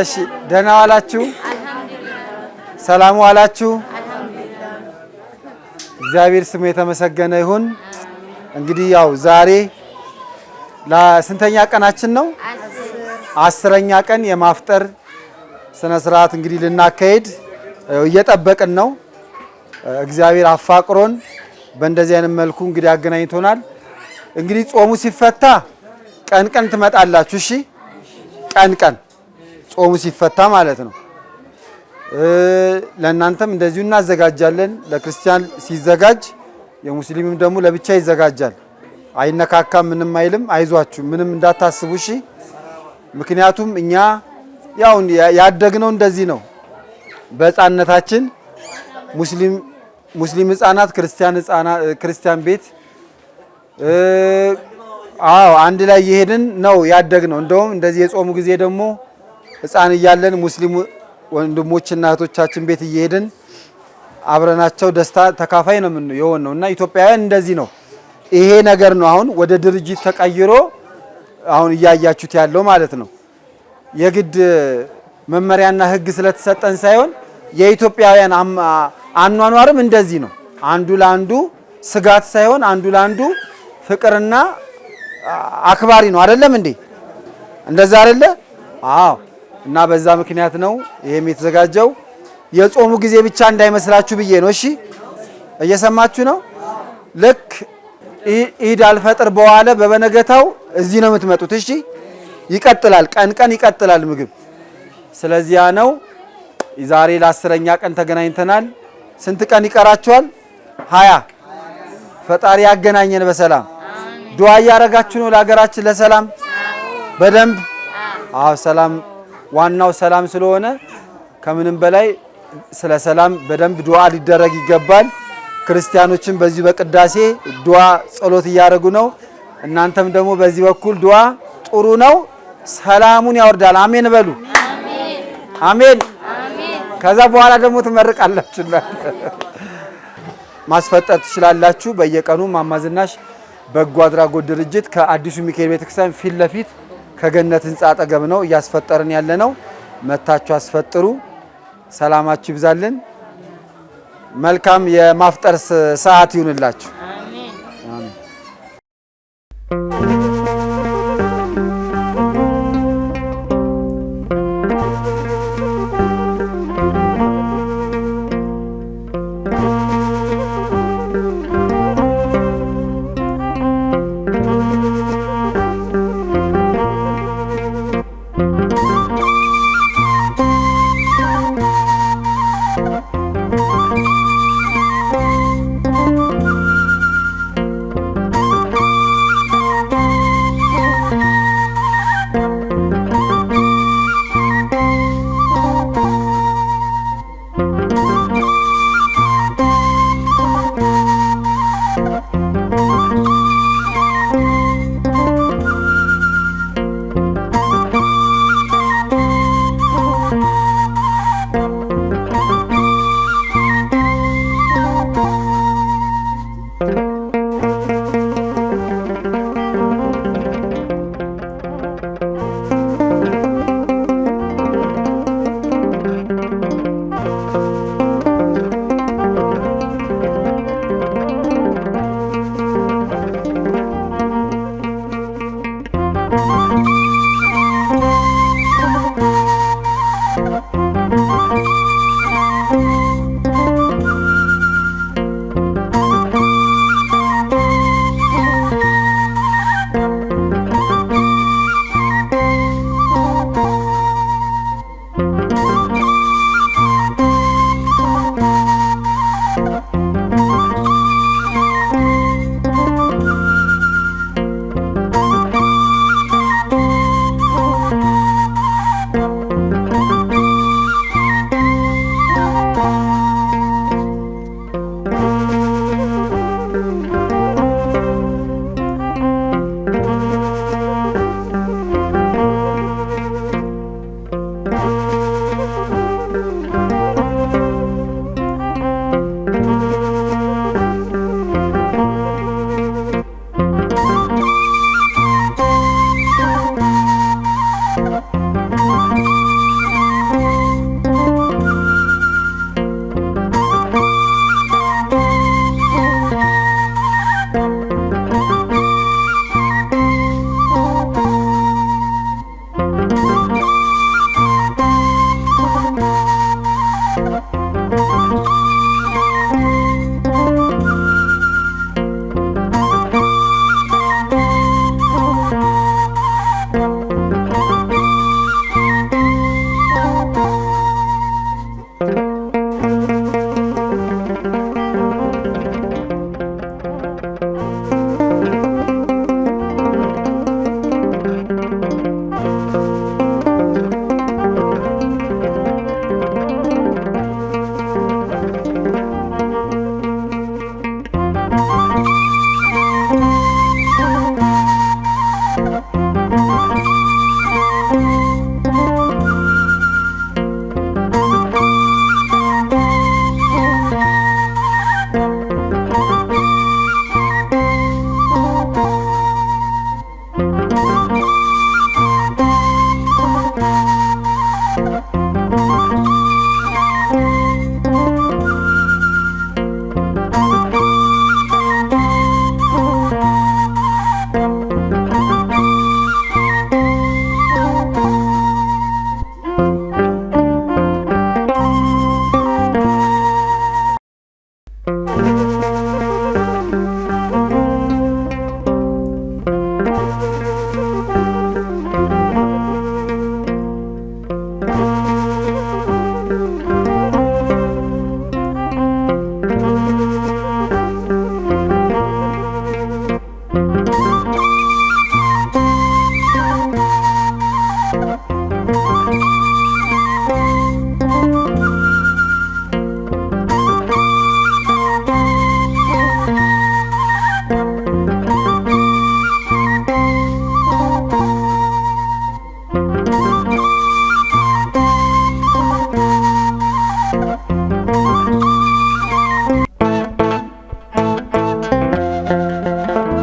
እሺ ደህና ዋላችሁ፣ ሰላም ዋላችሁ። እግዚአብሔር ስሙ የተመሰገነ ይሁን። እንግዲህ ያው ዛሬ ለስንተኛ ቀናችን ነው? አስረኛ ቀን የማፍጠር ስነ ስርዓት እንግዲህ ልናካሄድ እየጠበቅን ነው። እግዚአብሔር አፋቅሮን በእንደዚህ አይነት መልኩ እንግዲህ አገናኝቶናል። እንግዲህ ጾሙ ሲፈታ ቀን ቀን ትመጣላችሁ። እሺ ቀን ቀን ጾሙ ሲፈታ ማለት ነው። ለእናንተም እንደዚሁ እናዘጋጃለን። ለክርስቲያን ሲዘጋጅ የሙስሊምም ደግሞ ለብቻ ይዘጋጃል። አይነካካም፣ ምንም አይልም። አይዟችሁ፣ ምንም እንዳታስቡ እሺ። ምክንያቱም እኛ ያው ያደግነው እንደዚህ ነው። በህፃነታችን ሙስሊም ሙስሊም ክርስቲያን ሕፃናት ክርስቲያን ቤት አዎ አንድ ላይ የሄድን ነው ያደግነው። እንደውም እንደዚህ የጾሙ ጊዜ ደግሞ ህፃን እያለን ሙስሊም ወንድሞች እናቶቻችን ቤት እየሄድን አብረናቸው ደስታ ተካፋይ ነው ምን የሆን ነው እና ኢትዮጵያውያን እንደዚህ ነው። ይሄ ነገር ነው አሁን ወደ ድርጅት ተቀይሮ አሁን እያያችሁት ያለው ማለት ነው። የግድ መመሪያና ህግ ስለተሰጠን ሳይሆን የኢትዮጵያውያን አኗኗርም እንደዚህ ነው። አንዱ ለአንዱ ስጋት ሳይሆን አንዱ ለአንዱ ፍቅርና አክባሪ ነው። አይደለም እንዴ? እንደዛ አይደለ? አዎ። እና በዛ ምክንያት ነው ይሄም የተዘጋጀው። የጾሙ ጊዜ ብቻ እንዳይመስላችሁ ብዬ ነው። እሺ እየሰማችሁ ነው። ልክ ኢድ አልፈጥር በኋላ በበነገታው እዚህ ነው የምትመጡት። እሺ ይቀጥላል፣ ቀን ቀን ይቀጥላል ምግብ። ስለዚያ ነው ዛሬ ለአስረኛ ቀን ተገናኝተናል። ስንት ቀን ይቀራችኋል? ሀያ ፈጣሪ ያገናኘን በሰላም ዱዓ እያረጋችሁ ነው ለሀገራችን ለሰላም በደንብ አዎ ሰላም ዋናው ሰላም ስለሆነ ከምንም በላይ ስለ ሰላም በደንብ ዱዓ ሊደረግ ይገባል። ክርስቲያኖችን በዚህ በቅዳሴ ዱዓ ጸሎት እያደረጉ ነው። እናንተም ደግሞ በዚህ በኩል ዱዓ ጥሩ ነው፣ ሰላሙን ያወርዳል። አሜን በሉ። አሜን። ከዛ በኋላ ደግሞ ትመርቃላችሁ፣ ማስፈጠር ትችላላችሁ። በየቀኑ ማማዝናሽ በጎ አድራጎት ድርጅት ከአዲሱ ሚካኤል ቤተክርስቲያን ፊት ለፊት ከገነት ህንፃ አጠገብ ነው እያስፈጠርን ያለ ነው። መታችሁ አስፈጥሩ። ሰላማችሁ ይብዛልን። መልካም የማፍጠር ሰዓት ይሁንላችሁ።